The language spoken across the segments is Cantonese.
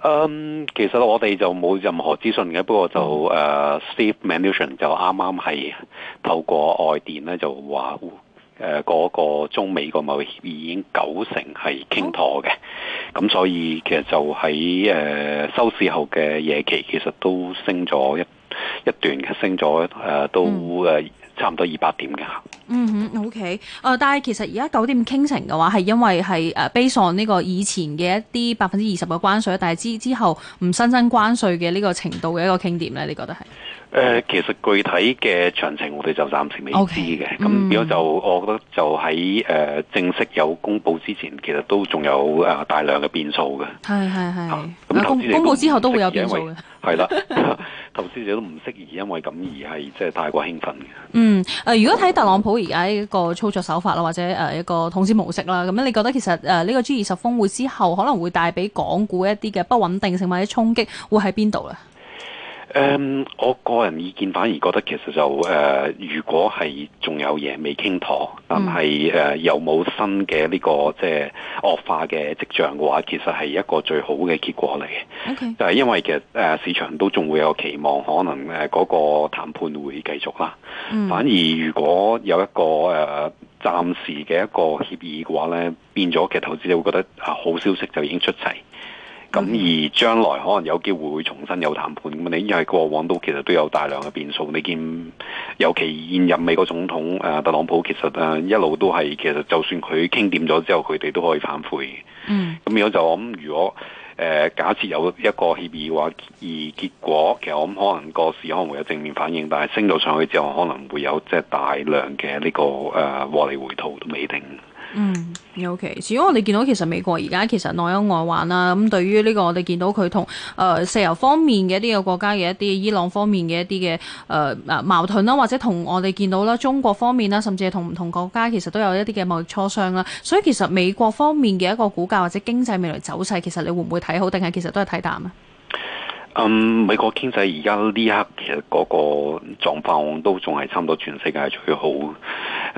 嗯，um, 其實我哋就冇任何資訊嘅，不過就誒、uh, Steve Mnuchin 就啱啱係透過外電咧就話誒嗰個中美個貿協已經九成係傾妥嘅，咁、哦、所以其實就喺誒、uh, 收市後嘅夜期其實都升咗一一段嘅，升咗誒都誒。Uh, 嗯差唔多二百點嘅嗯哼，OK、呃。誒，但係其實而家九點傾成嘅話，係因為係誒 based on 呢個以前嘅一啲百分之二十嘅關稅，但係之之後唔新增關稅嘅呢個程度嘅一個傾點咧，你覺得係？誒、呃，其實具體嘅詳情我哋就暫時未知嘅。咁如果就，我覺得就喺誒正式有公布之前，其實都仲有誒大量嘅變數嘅。係係係。咁、嗯、公公，公布之後都會有變數嘅。係啦。 投資者都唔適宜，因為咁而係即係太過興奮嘅。嗯，誒、呃，如果睇特朗普而家一個操作手法啦，或者誒、呃、一個統治模式啦，咁樣你覺得其實誒呢、呃呢個 G 二十峰會之後可能會帶俾港股一啲嘅不穩定性或者衝擊會，會喺邊度咧？誒，um, 我個人意見反而覺得其實就誒、呃，如果係仲有嘢未傾妥，嗯、但係誒、呃、又冇新嘅呢、這個即係惡化嘅跡象嘅話，其實係一個最好嘅結果嚟嘅。Okay. 就係因為其實誒、呃，市場都仲會有期望，可能誒嗰個談判會繼續啦。嗯、反而如果有一個誒暫、呃、時嘅一個協議嘅話咧，變咗其實投資者會覺得啊好消息就已經出齊。咁、嗯、而將來可能有機會會重新有談判咁，你因為過往都其實都有大量嘅變數，你見尤其現任美國總統啊，特朗普其實啊一路都係其實，就算佢傾掂咗之後，佢哋都可以反悔。嗯，咁樣就我諗，如果誒、呃、假設有一個協議嘅話而結果，其實我諗可能個市可能會有正面反應，但係升到上去之後，可能會有即係大量嘅呢、這個誒、呃、獲利回吐都未定。嗯，OK。主要我哋見到其實美國而家其實內憂外患啦、啊。咁、嗯、對於呢個我哋見到佢同誒石油方面嘅一啲嘅國家嘅一啲伊朗方面嘅一啲嘅誒矛盾啦、啊，或者同我哋見到啦中國方面啦、啊，甚至係同唔同國家其實都有一啲嘅貿易磋商啦、啊。所以其實美國方面嘅一個股價或者經濟未來走勢，其實你會唔會睇好，定係其實都係睇淡啊？嗯，美國經濟而家呢一刻其實嗰個狀況都仲係差唔多，全世界最好。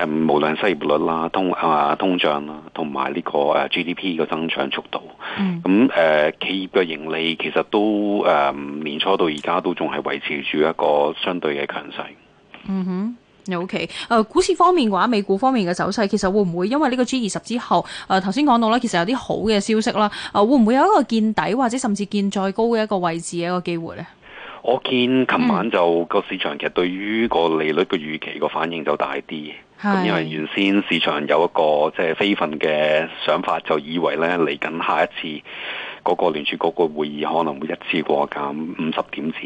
無論失業率啦、通啊通脹啦，同埋呢個誒 GDP 個增長速度，咁誒、嗯嗯、企業嘅盈利其實都誒、嗯、年初到而家都仲係維持住一個相對嘅強勢。嗯哼，OK、啊。誒，股市方面嘅話，美股方面嘅走勢，其實會唔會因為呢個 G 二十之後誒頭先講到咧，其實有啲好嘅消息啦，誒、啊、會唔會有一個見底或者甚至見再高嘅一個位置嘅一個機會呢？我見琴晚就個、嗯、市場其實對於個利率嘅預期個反應就大啲。咁因為原先市場有一個即係非分嘅想法，就以為咧嚟緊下一次嗰個聯儲局嗰個會議可能會一次過減五十點子。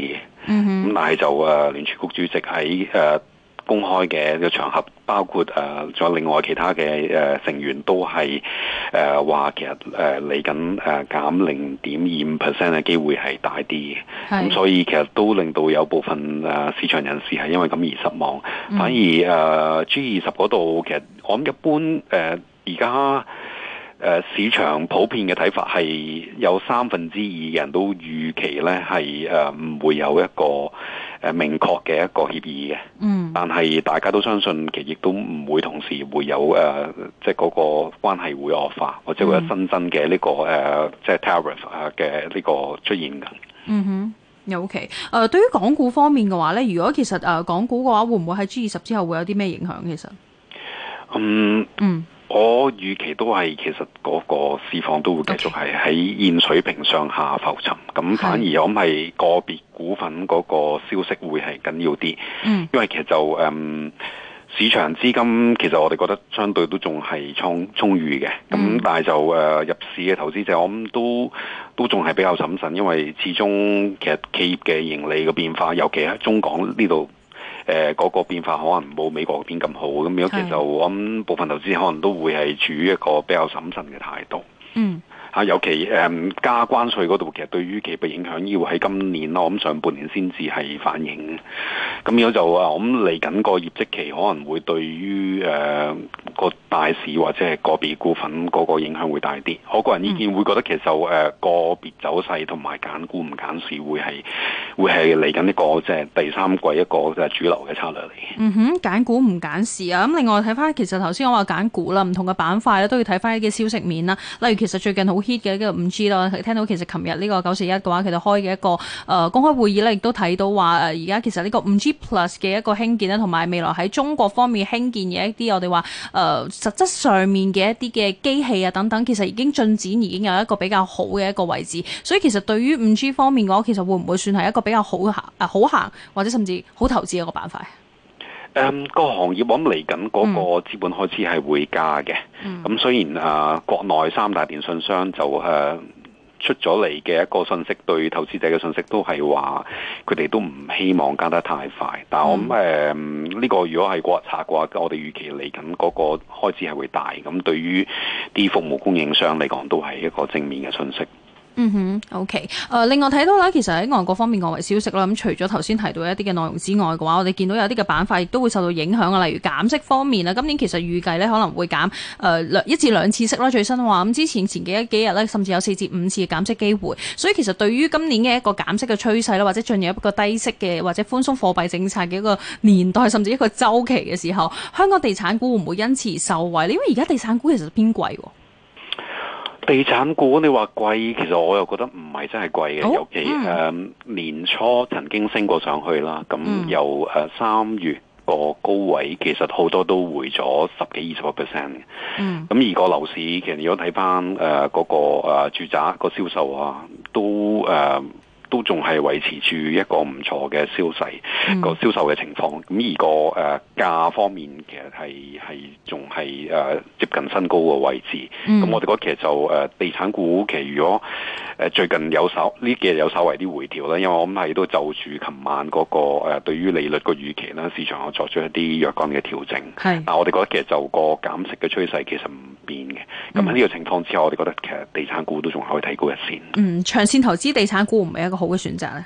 咁、mm hmm. 但係就誒聯儲局主席喺誒。Uh, 公開嘅個場合，包括誒再另外其他嘅誒成員都係誒話，呃、其實誒嚟緊誒減零點二五 percent 嘅機會係大啲咁。是所以其實都令到有部分誒市場人士係因為咁而失望，嗯、反而誒、呃、G 二十嗰度其實我諗一般誒而家。呃誒，市場普遍嘅睇法係有三分之二嘅人都預期咧係誒唔會有一個誒明確嘅一個協議嘅。嗯，但係大家都相信其實亦都唔會同時會有誒，即係嗰個關係會惡化，嗯、或者會有新增嘅呢、這個誒，即、呃、係、就是、tariff 嘅呢個出現嘅。嗯哼，OK、呃。誒，對於港股方面嘅話咧，如果其實誒、呃、港股嘅話會唔會喺 G 二十之後會有啲咩影響？其實，嗯嗯。嗯我預期都係其實嗰個市況都會繼續係喺現水平上下浮沉，咁 Okay. 反而我諗係個別股份嗰個消息會係緊要啲，mm. 因為其實就誒、嗯、市場資金其實我哋覺得相對都仲係充充裕嘅，咁但係就誒、呃、入市嘅投資者我，我諗都都仲係比較審慎，慎，因為始終其實企業嘅盈利嘅變化，尤其喺中港呢度。誒嗰個變化可能冇美國嗰邊咁好，咁樣其實的我諗，部分投資可能都會係處於一個比較審慎嘅態度。嗯。啊，尤其誒、嗯、加關稅嗰度，其實對於佢嘅影響要喺今年咯，我諗上半年先至係反映。咁樣就我諗嚟緊個業績期可能會對於誒、呃、個大市或者係個別股份嗰個影響會大啲。我個人意見會覺得其實就誒、呃、個別走勢同埋揀股唔揀市會係會係嚟緊呢個即係第三季一個即係主流嘅策略嚟。嗯哼，揀股唔揀市啊！咁另外睇翻，其實頭先我話揀股啦，唔同嘅板塊咧都要睇翻啲嘅消息面啦。例如其實最近好。heat 嘅跟住五 G 咯，聽到其實琴日呢個九四一嘅話，其實開嘅一個誒、呃、公開會議咧，亦都睇到話誒而家其實呢個五 G Plus 嘅一個興建咧，同埋未來喺中國方面興建嘅一啲我哋話誒實質上面嘅一啲嘅機器啊等等，其實已經進展，已經有一個比較好嘅一個位置。所以其實對於五 G 方面嘅話，其實會唔會算係一個比較好行啊、呃、好行或者甚至好投資一個板塊？誒，um, 個行業我諗嚟緊嗰個資本開支係會加嘅。咁、嗯嗯、雖然啊，國內三大電信商就誒、啊、出咗嚟嘅一個信息，對投資者嘅信息都係話，佢哋都唔希望加得太快。但係我諗誒呢、嗯嗯這個如果係國策嘅話，我哋預期嚟緊嗰個開支係會大。咁對於啲服務供應商嚟講，都係一個正面嘅信息。嗯哼，OK、呃。誒，另外睇到啦，其實喺外國方面，外圍消息咧，咁除咗頭先提到一啲嘅內容之外嘅話，我哋見到有啲嘅板塊亦都會受到影響啊。例如減息方面啦，今年其實預計咧可能會減誒、呃、一至兩次息啦。最新話咁，之前前幾一幾日咧，甚至有四至五次嘅減息機會。所以其實對於今年嘅一個減息嘅趨勢咧，或者進入一個低息嘅或者寬鬆貨幣政策嘅一個年代，甚至一個周期嘅時候，香港地產股會唔會因此而受惠？因為而家地產股其實偏貴喎。地產股你話貴，其實我又覺得唔係真係貴嘅，oh, 尤其誒、uh, 年初曾經升過上去啦，咁、mm. 由誒三月個高位，其實好多都回咗十幾二十、mm. 個 percent 嘅，咁而個樓市其實如果睇翻誒個誒住宅個銷售啊，都誒。Uh, 都仲係維持住一個唔錯嘅消勢個銷售嘅情況，咁而個誒價方面其實係係仲係誒接近新高嘅位置。咁我哋覺得其實就誒地產股，其實如果誒最近有稍呢幾日有稍為啲回調咧，因為我諗係都就住琴晚嗰個誒對於利率個預期啦，市場有作出一啲若干嘅調整。但我哋覺得其實就個減息嘅趨勢其實唔變嘅。咁喺呢個情況之下，我哋覺得其實地產股都仲可以睇高一線。嗯，長線投資地產股唔係一個好嘅選擇咧，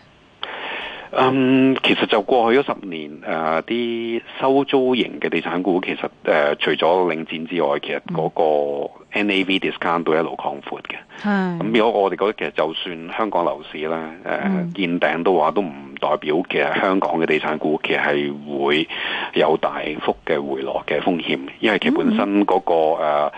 嗯，其實就過去咗十年，誒、呃，啲收租型嘅地產股，其實誒、呃，除咗領展之外，其實嗰個 NAV discount 都一路擴闊嘅。咁的、嗯嗯、如果我哋覺得，其實就算香港樓市咧，誒、呃，嗯、見頂都話都唔代表，其實香港嘅地產股其實係會有大幅嘅回落嘅風險，因為其實本身嗰、那個誒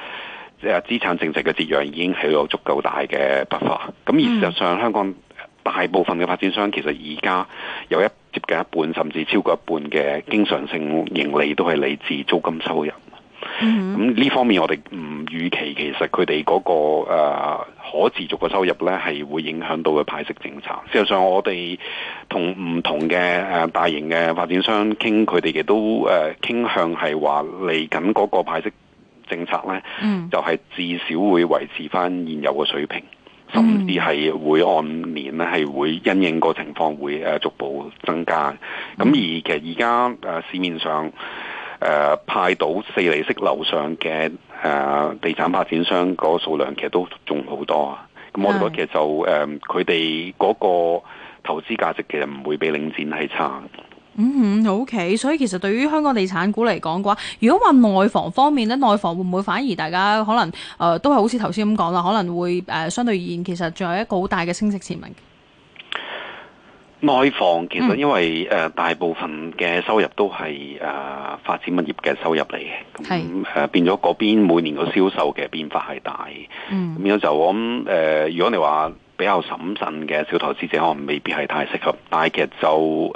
誒資產淨值嘅折讓已經係有足夠大嘅 buffer。咁而事實際上，香港、嗯。大部分嘅發展商其實而家有一接近一半甚至超過一半嘅經常性盈利都係嚟自租金收入。咁呢、mm hmm. 方面我哋唔預期其實佢哋嗰個可持續嘅收入呢係會影響到嘅派息政策。事實上我哋同唔同嘅誒大型嘅發展商傾，佢哋亦都誒傾向係話嚟緊嗰個派息政策呢，mm hmm. 就係至少會維持返現有嘅水平。甚至係會按年咧，係會因應個情況，會誒逐步增加。咁而其實而家誒市面上誒、呃、派到四厘息樓上嘅誒、呃、地產發展商嗰個數量，其實都仲好多啊。咁、嗯、我哋覺得其實就誒佢哋嗰個投資價值其實唔會比領展係差。嗯哼，OK。所以其實對於香港地產股嚟講嘅話，如果話內房方面咧，內房會唔會反而大家可能誒、呃、都係好似頭先咁講啦，可能會誒、呃、相對而言其實仲有一個好大嘅升值潛能。內房其實因為誒、嗯呃、大部分嘅收入都係誒、呃、發展物業嘅收入嚟嘅，咁誒是、呃、變咗嗰邊每年個銷售嘅變化係大。咁樣、嗯、就我諗、呃，如果你話比較審慎嘅小投資者，可能未必係太適合。但係其實就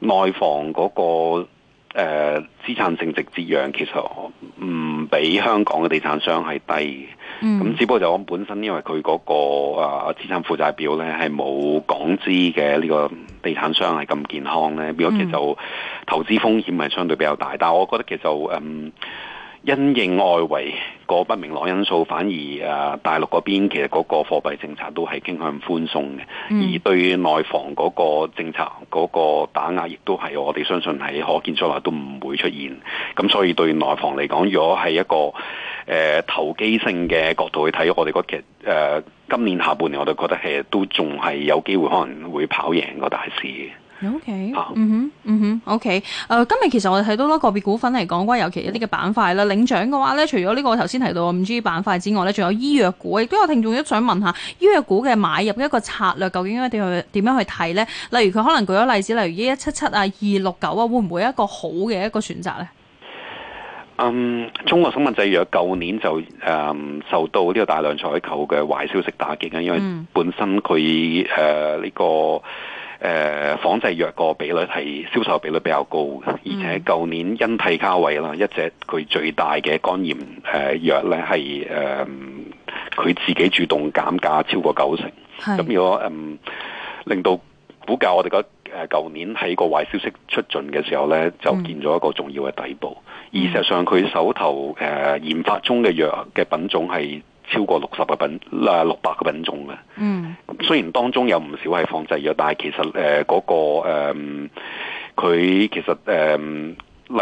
內房嗰、那個誒、呃、資產淨值折讓，其實唔比香港嘅地產商係低咁、嗯、只不過就我本身因為佢嗰、那個啊、呃、資產負債表呢係冇港資嘅呢、這個地產商係咁健康咧，有啲就投資風險係相對比較大。嗯、但係我覺得其實誒。呃因應外圍個不明朗因素，反而啊，大陸嗰邊其實嗰個貨幣政策都係傾向寬鬆嘅，嗯、而對內房嗰個政策嗰個打壓亦都係我哋相信喺可見出嚟都唔會出現，咁所以對內房嚟講，如果係一個誒、呃、投機性嘅角度去睇，我哋覺得誒今年下半年，我哋覺得係都仲係有機會可能會跑贏個大市。O Okay , K，、啊、嗯哼，嗯哼，O K，誒，okay. uh, 今日其實我哋睇到啦，個別股份嚟講咧，尤其一啲嘅板塊啦，領獎嘅話咧，除咗呢個頭先提到五 G 板塊之外咧，仲有醫藥股，亦都有聽眾都想問下醫藥股嘅買入一個策略，究竟應該點去點樣去睇咧？例如佢可能舉咗例子，例如一一七七啊，二六九啊，會唔會一個好嘅一個選擇咧、嗯？嗯，中國生物製藥舊年就誒受到呢個大量採購嘅壞消息打擊嘅，因為本身佢誒呢個。誒、呃、仿製藥個比率係銷售比率比較高，嗯、而且舊年因替卡偉啦，一隻佢最大嘅肝炎誒、呃、藥咧，係誒佢自己主動減價超過九成，咁是如果嗯，令到估計我哋覺得誒舊年喺個壞消息出盡嘅時候咧，就見咗一個重要嘅底部。嗯、而事實際上佢手頭誒、呃、研發中嘅藥嘅品種係超過六十個品啊六百個品種嘅。嗯。雖然當中有唔少係仿製藥，但係其實誒嗰、呃那個佢、呃、其實誒、呃，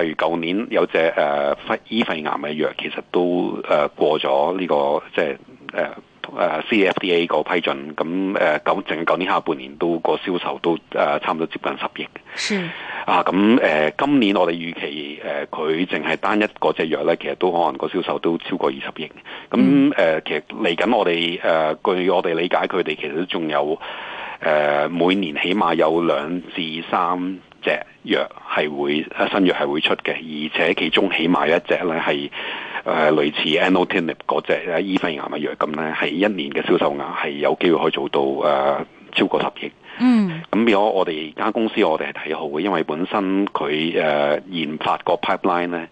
例如舊年有隻誒肺醫肺癌嘅藥，其實都誒、呃、過咗呢、這個即係誒。就是呃誒 CFDA 個批准，咁誒咁，淨係舊年下半年都、個銷售都誒、呃、差唔多接近十億。Hmm. 啊，咁誒、呃、今年我哋預期誒佢淨係單一個隻藥咧，其實都可能個銷售都超過二十億。咁誒、呃，其實嚟緊我哋誒、呃，據我哋理解，佢哋其實仲有誒、呃、每年起碼有兩至三隻藥係會新藥係會出嘅，而且其中起碼一隻咧係。誒類似 anlotinib 嗰隻醫肺癌嘅藥咁咧，係一年嘅銷售額係有機會可以做到誒、呃、超過十億。嗯，咁如果我哋間公司我哋係睇好嘅，因為本身佢誒、呃、研發個 pipeline 咧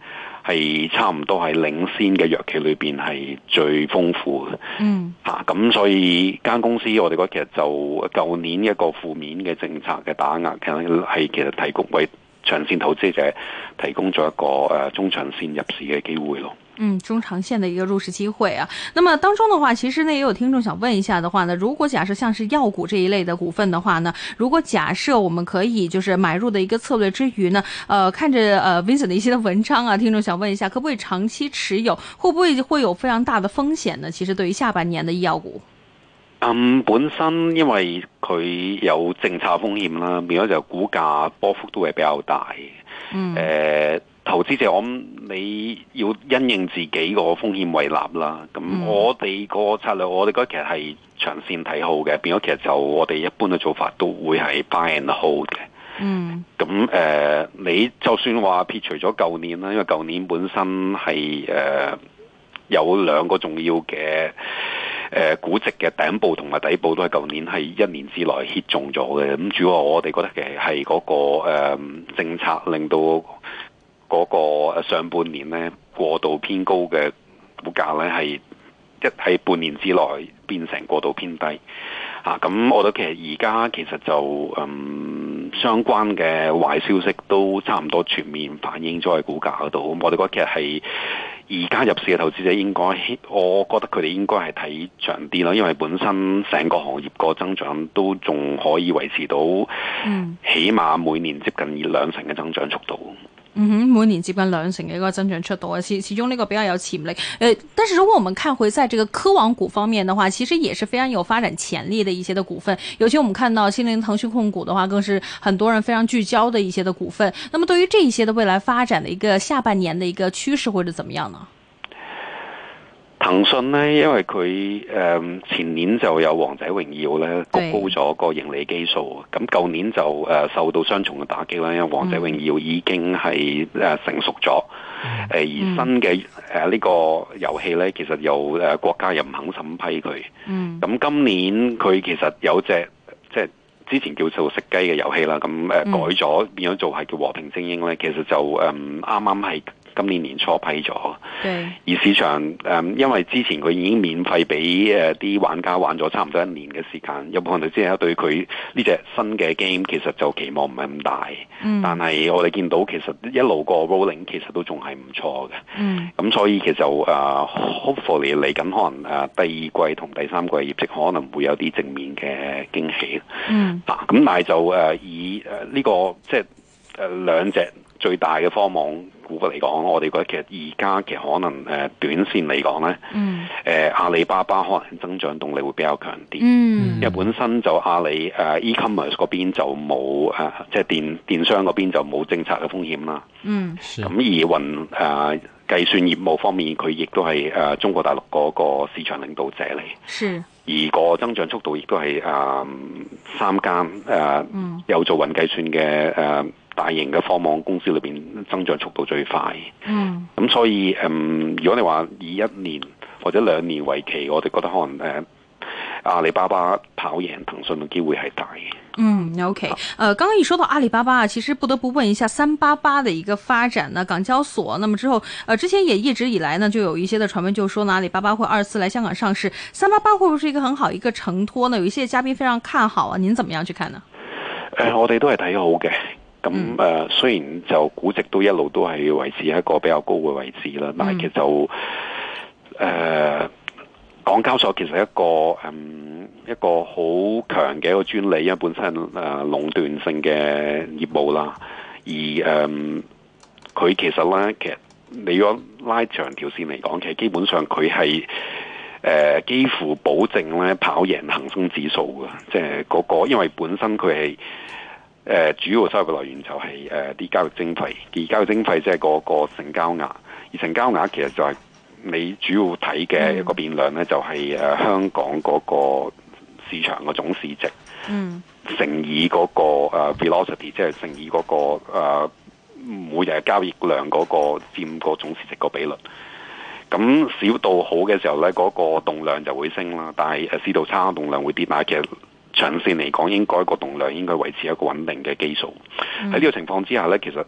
係差唔多係領先嘅藥企裏邊係最豐富嘅。嗯、mm. 啊，嚇咁所以間公司我哋覺得其實就舊年一個負面嘅政策嘅打壓，其實係其實提供為長線投資者提供咗一個誒中長線入市嘅機會咯。嗯，中長線的一個入市機會啊。那麼當中的話，其實呢，也有聽眾想問一下的話呢，如果假設像是藥股這一類的股份的話呢，如果假設我們可以就是買入的一個策略之餘呢，呃，看着呃 Vincent 的一些文章啊，聽眾想問一下，可不可以長期持有？會不會會有非常大的風險呢？其實對於下半年的醫藥股，嗯，本身因為佢有政策風險啦，變咗就股價波幅都會比較大，呃、嗯，誒。投資者，我諗，你要因應自己個風險位立啦。咁我哋個策略，mm. 我哋覺得其實係長線睇好嘅。變咗其實就我哋一般嘅做法都會係 buy and hold 嘅。嗯、mm.，咁、呃、誒，你就算話撇除咗舊年啦，因為舊年本身係誒、呃、有兩個重要嘅誒估值嘅頂部同埋底部都係舊年係一年之內 hit 中咗嘅。咁主要我哋覺得其實係嗰、那個誒、呃、政策令到、那個。嗰個上半年呢，過度偏高嘅股價呢，係一喺半年之內變成過度偏低嚇。咁、啊、我覺得其實而家其實就嗯相關嘅壞消息都差唔多全面反映咗喺股價嗰度。我哋覺得其實係而家入市嘅投資者應該，我覺得佢哋應該係睇長啲咯。因為本身成個行業個增長都仲可以維持到，起碼每年接近二兩成嘅增長速度。嗯嗯哼，每年接近兩成的一個增長速度啊，此其中呢個比較有潛力。呃，但是如果我們看回在這個科網股方面的話，其實也是非常有發展潛力的一些的股份。尤其我們看到新浪、騰訊控股的話，更是很多人非常聚焦的一些的股份。那麼對於這一些的未來發展的一個下半年的一個趨勢會是怎麼樣呢？騰訊咧，因為佢誒前年就有《王者榮耀》咧，高高咗個盈利基數。咁舊的年就誒受到雙重嘅打擊咧，因為《王者榮耀》已經係誒成熟咗，誒的而新嘅誒呢個遊戲咧，其實又誒國家又唔肯審批佢。嗯的。咁今年佢其實有隻即係之前叫做食雞嘅遊戲啦，咁誒改咗變咗做係叫和平精英咧，其實就誒啱啱係。今年年初批咗，的而市場誒、嗯，因為之前佢已經免費俾誒啲玩家玩咗差唔多一年嘅時間，有冇可能即係對佢呢隻新嘅 game 其實就期望唔係咁大？嗯、但係我哋見到其實一路個 rolling 其實都仲係唔錯嘅。咁、嗯、所以其實誒、uh,，hopefully 嚟緊可能誒第二季同第三季業績可能會有啲正面嘅驚喜。嗯，咁、啊、但係就誒、uh, 以呢、呢個即係兩隻最大嘅科網。股票嚟講，我哋覺得其實而家其實可能誒，短線嚟講咧，誒阿里巴巴可能增長動力會比較強啲，因為、嗯、本身就阿、啊、里誒、啊、e-commerce 嗰邊就冇誒、啊，即係電電商嗰邊就冇政策嘅風險啦。嗯，咁而雲誒、啊、計算業務方面，佢亦都係誒中國大陸嗰個市場領導者嚟。嗯、而個增長速度亦都係誒三間誒有做雲計算嘅誒。啊大型嘅科網公司裏邊增長速度最快，嗯，咁所以，嗯、呃，如果你話以一年或者兩年為期，我哋覺得可能誒、呃、阿里巴巴跑贏騰訊嘅機會係大嘅。嗯，OK，誒，剛、呃、剛一說到阿里巴巴啊，其實不得不問一下三八八嘅一個發展呢？港交所，那麼之後，誒、呃，之前也一直以來呢，就有一些嘅傳聞，就說呢阿里巴巴會二次嚟香港上市，三八八會不會是一個很好一個承托呢？有一些嘉賓非常看好啊，您怎麼樣去看呢？誒、嗯呃，我哋都係睇好嘅。咁誒，嗯、雖然就估值都一路都係維持喺一個比較高嘅位置啦，嗯、但係其實誒、呃，港交所其實一個誒、嗯、一個好強嘅一個專利，因為本身誒、呃、壟斷性嘅業務啦，而誒佢、嗯、其實咧，其實你如果拉長條線嚟講，其實基本上佢係誒幾乎保證咧跑贏恒生指數嘅，即係嗰個，因為本身佢係。誒、呃、主要收入來源就係誒啲交易徵費，而交易徵費即係嗰個成交額，而成交額其實就係你主要睇嘅一個變量咧，嗯、就係、是、誒、呃、香港嗰個市場個總市值，嗯，乘以嗰個 velocity，即係乘以嗰個每日交易量嗰個佔個總市值個比率。咁市道好嘅時候咧，嗰、那個動量就會升啦，但係誒市道差動量會跌埋，嘅。長線嚟講，應該個動量應該維持一個穩定嘅基數。喺呢個情況之下呢，其實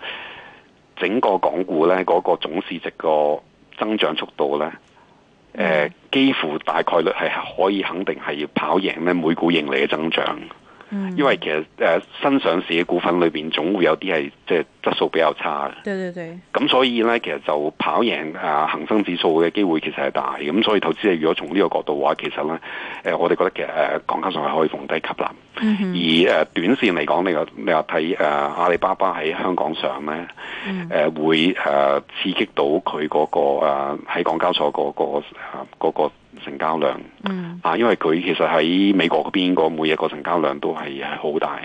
整個港股呢嗰、嗰個總市值個增長速度呢，誒、呃、幾乎大概率係可以肯定係要跑贏呢每股盈利嘅增長。因為其實誒，新上市嘅股份裏邊總會有啲係即係質素比較差嘅，對對對，咁所以咧，其實就跑贏啊恒、呃、生指數嘅機會其實係大，咁、嗯、所以投資者如果從呢個角度話，其實咧、誒、呃、我哋覺得其實誒、呃、港交所係可以逢低吸納，嗯、哼而誒短線嚟講，你話你話睇誒阿里巴巴喺香港上咧，誒、嗯呃、會誒、呃、刺激到佢嗰、那個誒喺、呃、港交所嗰個個。啊啊啊啊啊啊啊成交量，啊、嗯，因為佢其實喺美國嗰邊個每日個成交量都係好大，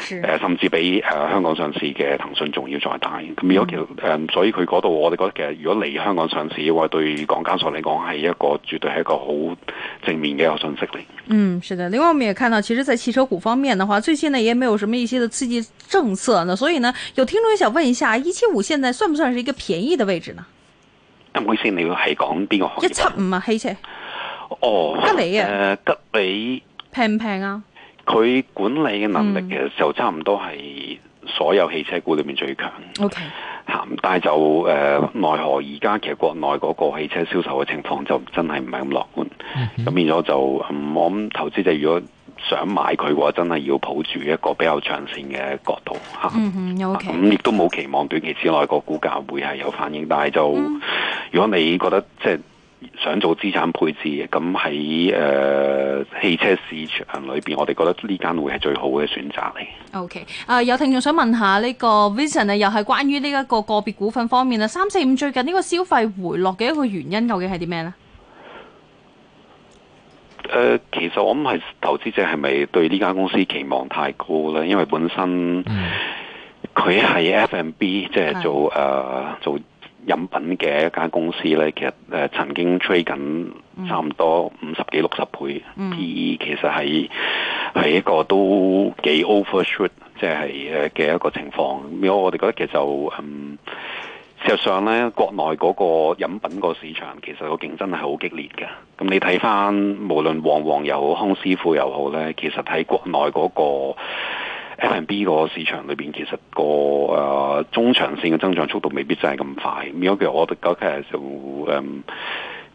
誒是、呃，甚至比誒、呃、香港上市嘅騰訊仲要再大。咁有條誒，所以佢嗰度我哋覺得其實如果嚟香港上市嘅話，對港交所嚟講係一個絕對係一個好正面嘅一個信息嚟。嗯，是的。另外，我們也看到，其實，在汽車股方面的話，最近呢，也沒有什麼一些的刺激政策呢。所以呢，有聽眾想問一下，175現在算不算是一個便宜的位置呢？唔、嗯、好意思，你要係講邊個行業？175啊、嗯，汽車！哦，吉利啊！呃、吉利平唔平啊？佢管理嘅能力其實就差唔多係所有汽車股裏面最強。O K. 吓，但係就誒，奈何而家其實國內嗰個汽車銷售嘅情況就真係唔係咁樂觀。咁、嗯、哼變咗就，嗯、我諗投資者如果想買佢嘅話，真係要抱住一個比較長線嘅角度吓。嗯嗯咁亦、okay. 啊、都冇期望短期之內個股價會係有反應。但係就，嗯、如果你覺得即係。想做資產配置，咁喺誒汽車市場裏邊，我哋覺得呢間會係最好嘅選擇嚟。O K，啊，有聽眾想問下個呢個 Vision 啊，又係關於呢一個個別股份方面啊，三四五最近呢個消費回落嘅一個原因，究竟係啲咩呢？誒、呃，其實我諗係投資者，係咪對呢間公司期望太高咧？因為本身佢係、嗯、F&B，即係做誒做。的飲品嘅一間公司咧，其實誒曾經吹緊差唔多五十幾六十倍 PE，mm，其實係係一個都幾 overshoot，即係誒嘅一個情況。咁我哋覺得其實就，嗯、事實上咧，國內嗰個飲品個市場其實個競爭係好激烈嘅。咁你睇翻無論旺旺又好，康師傅又好咧，其實喺國內嗰個。F&B 個市場裏邊，其實、個誒、呃、中長線嘅增長速度未必真係咁快。如果譬如我哋講嘅就誒、是，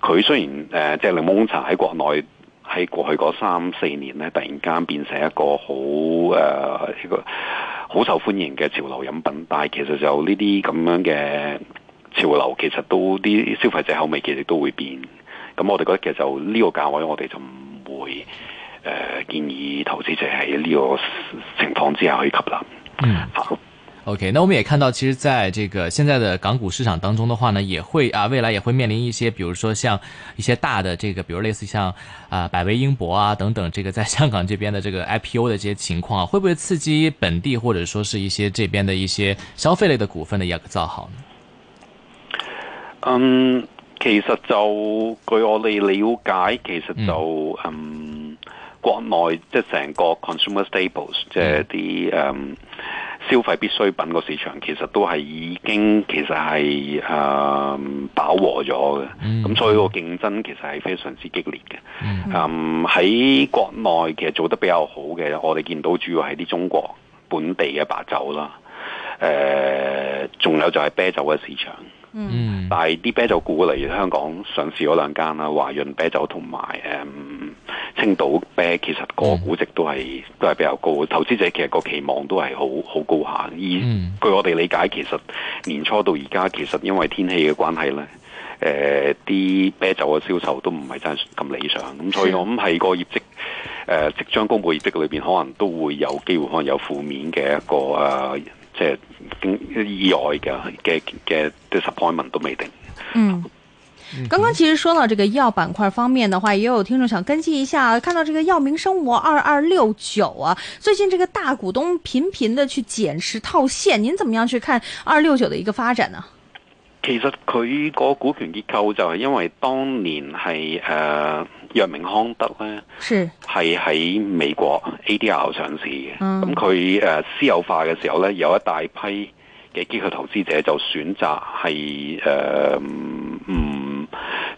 佢、嗯、雖然誒即係、呃、檸檬茶喺國內喺過去嗰三四年咧，突然間變成一個好誒、呃、一個好受歡迎嘅潮流飲品，但係其實就呢啲咁樣嘅潮流，其實都啲消費者口味其實都會變。咁我哋覺得其實就呢個價位，我哋就唔會。呃、建議投資者喺呢個情況之下可以吸納。嗯，OK，那我們也看到，其實，在這個現在的港股市場當中的話呢，也會啊，未來也會面臨一些，比如說像一些大的這個，比如類似像啊、呃、百威英博啊等等，這個在香港這邊的這個 I P O 的這些情況、啊，會不會刺激本地或者說是一些這邊的一些消費類的股份的一個造好呢？嗯，其實就據我哋了解，其實就嗯。嗯國內即係成個 consumer staples 即係啲誒消費必需品個市場，其實都係已經其實係誒、嗯、飽和咗嘅。咁、嗯、所以個競爭其實係非常之激烈嘅。誒喺、嗯嗯、國內其實做得比較好嘅，我哋見到主要係啲中國本地嘅白酒啦，誒、呃、仲有就係啤酒嘅市場。嗯，但係啲啤酒股嚟香港上市嗰兩間啦，華潤啤酒同埋誒。嗯青島啤其實個估值都係、嗯、都係比較高嘅，投資者其實個期望都係好好高下。而、嗯、據我哋理解，其實年初到而家，其實因為天氣嘅關係咧，誒、呃、啲啤酒嘅銷售都唔係真係咁理想。咁所以，我諗係個業績誒、呃，即將公布業績嘅裏邊，可能都會有機會可能有負面嘅一個誒、呃，即係意外嘅嘅嘅啲 disappointment 都未定。嗯。剛剛其實說到這個醫藥板塊方面的話，也有聽眾想跟進一下，看到這個藥明生物二二六九啊，最近這個大股東頻頻的去減持套現，您怎麼樣去看二六九的一個發展呢、啊？其實佢個股權結構就係因為當年係誒藥明康德呢，係喺是美國 A D R 上市嘅，咁佢誒私有化嘅時候呢，有一大批嘅機構投資者就選擇係誒。呃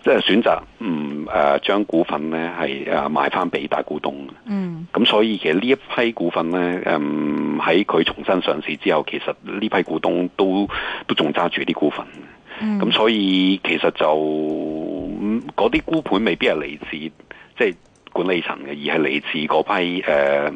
即係選擇唔誒將股份咧係誒賣翻俾大股東，嗯，咁所以其實呢一批股份咧誒喺佢重新上市之後，其實呢批股東都都仲揸住啲股份，咁、嗯、所以其實就嗰啲沽盤未必係嚟自即係、就是、管理層嘅，而係嚟自嗰批誒、呃、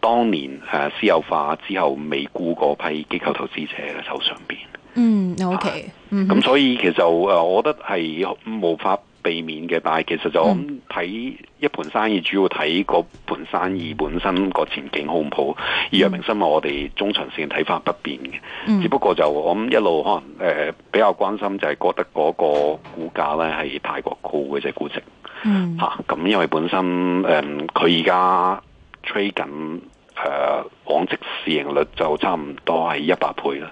當年誒私有化之後未沽嗰批機構投資者嘅手上邊。嗯、mm,，OK，咁、mm hmm. 啊、所以其實誒，我覺得係無法避免嘅，但係其實就我睇一盤生意，mm. 主要睇個盤生意本身個前景好唔好。Mm. 而藥明心話我哋中長線睇法不變嘅，mm. 只不過就我一路可能誒、呃、比較關心就係覺得嗰個股價咧係太過高嘅只估值，吓、就、咁、是 mm. 啊、因為本身誒佢而家吹緊誒往績市盈率就差唔多係一百倍啦。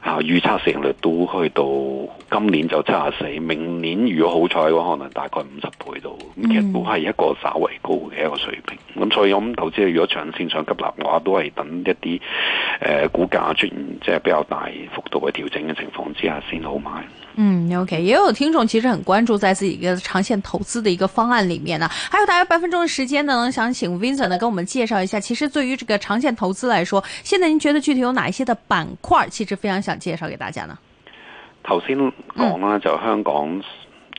啊，預測成率都去到今年就七十四，明年如果好彩嘅話，可能大概五十倍到，咁其實都係一個稍微高嘅一個水平。咁、嗯嗯、所以我諗投資，如果長線上急立嘅話，我都係等一啲誒、呃、股價出現即係、呃、比較大幅度嘅調整嘅情況之下先好買。嗯，OK，也有聽眾其實很關注在自己嘅長線投資的一個方案裡面呢、啊，還有大概半分鐘嘅時間呢，能想請 Vincent 呢跟我們介紹一下，其實對於這個長線投資嚟講，現在您覺得具體有哪一些嘅板塊，其實非常想。介紹給大家啦。頭先講啦，嗯、就香港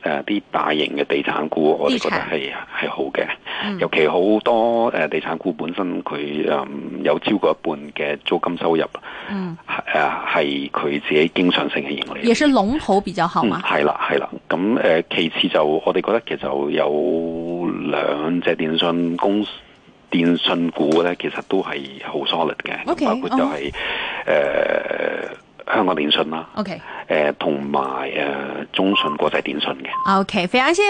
誒啲、呃、大型嘅地產股，產，我哋覺得係係好嘅。嗯、尤其好多誒地產股本身佢誒、嗯、有超過一半嘅租金收入，嗯，係佢、啊、自己經常性嘅盈利，亦是龍頭比較好嘛。係啦係啦，咁誒、嗯、其次就我哋覺得其實有兩隻電信公司電信股咧，其實都係好 solid 嘅，包括就係誒。香港電訊啦，o k 誒，同埋誒中信國際電訊嘅。OK，非常先。